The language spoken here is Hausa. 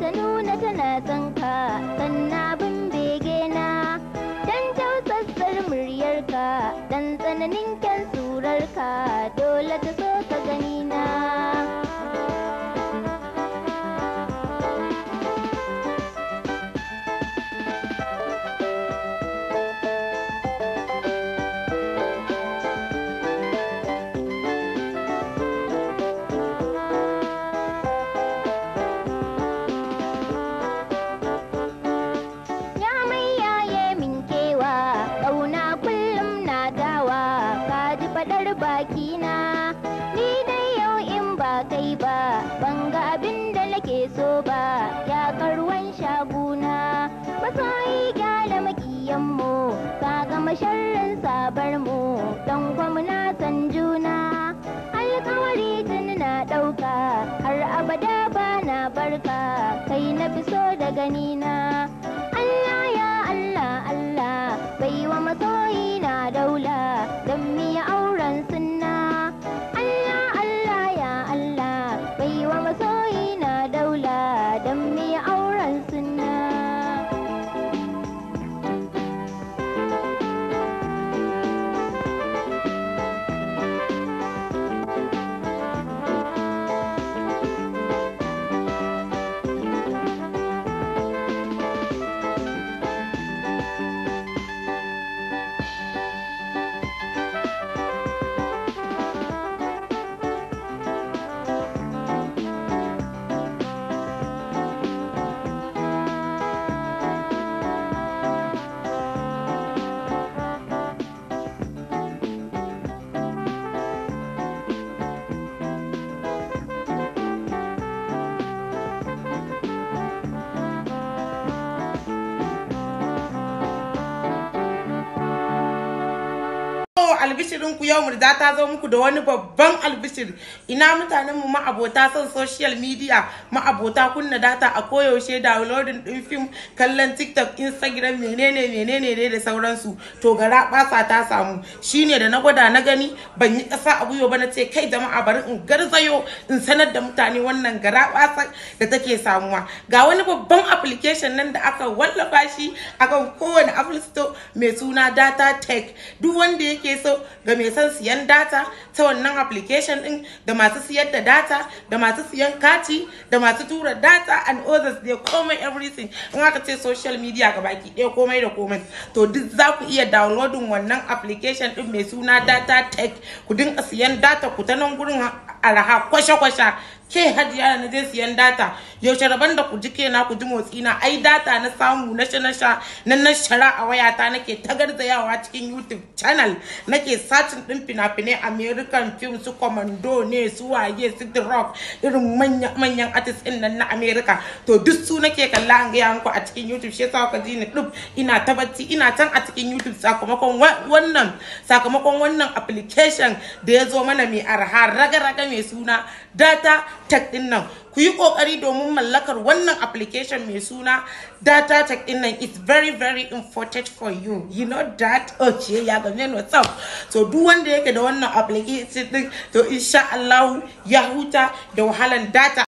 ta nuna tana tsanka, sanna sannan bin bege na dan tausassar muryarka dan tsananin kyan surarka dole ta so ka gani kai ba ban ga abin da nake so ba ya karwan shaguna masu gyara makiyan mu ka ga masharrin sabar mu dan gwamna san juna alkawari tun na ɗauka, har abada ba na barka kai na fi so da ganina albishirin ku yau murda ta zo muku da wani babban albishir ina mutanen mu ma'abota son social media ma'abota kunna data a koyaushe downloading din film kallon tiktok instagram menene menene ne da sauransu to gara basa ta samu shine da na gwada na gani ban yi kasa a gwiwa ba na ce kai jama'a bari in garzayo in sanar da mutane wannan gara basa da take samuwa ga wani babban application nan da aka wallafa shi akan kowane apple store mai suna data tech duk wanda yake so ga mai son siyan data ta wannan application din da masu siyar da data da masu siyan kati da masu tura data and others de komai everything in aka ce social media ga baki ɗaya komai da komai to duk za ku iya downloading wannan application din mai suna data tech ku dinga siyan data ku ta nan gurin araha kwasha-kwasha ke hadiya na je siyan data yaushe rabon da ku ji kena ku ji motsi na ai data na samu na sha na na shara a wayata nake ta garzayawa cikin youtube channel nake satin din fina-finai american film su commando ne su waye su the rock irin manyan artist din nan na america to duk su nake kalla an gaya muku a cikin youtube shi yasa ka ji ni dub ina ta bacci ina can a cikin youtube sakamakon wannan sakamakon wannan application da ya zo mana mai arha raga-raga mai suna data tech din nan ku yi kokari domin mallakar wannan application mai suna data tech din nan it's very very important for you you know that okay ya ga ne so duk wanda yake da wannan application din to insha Allah ya huta da wahalan data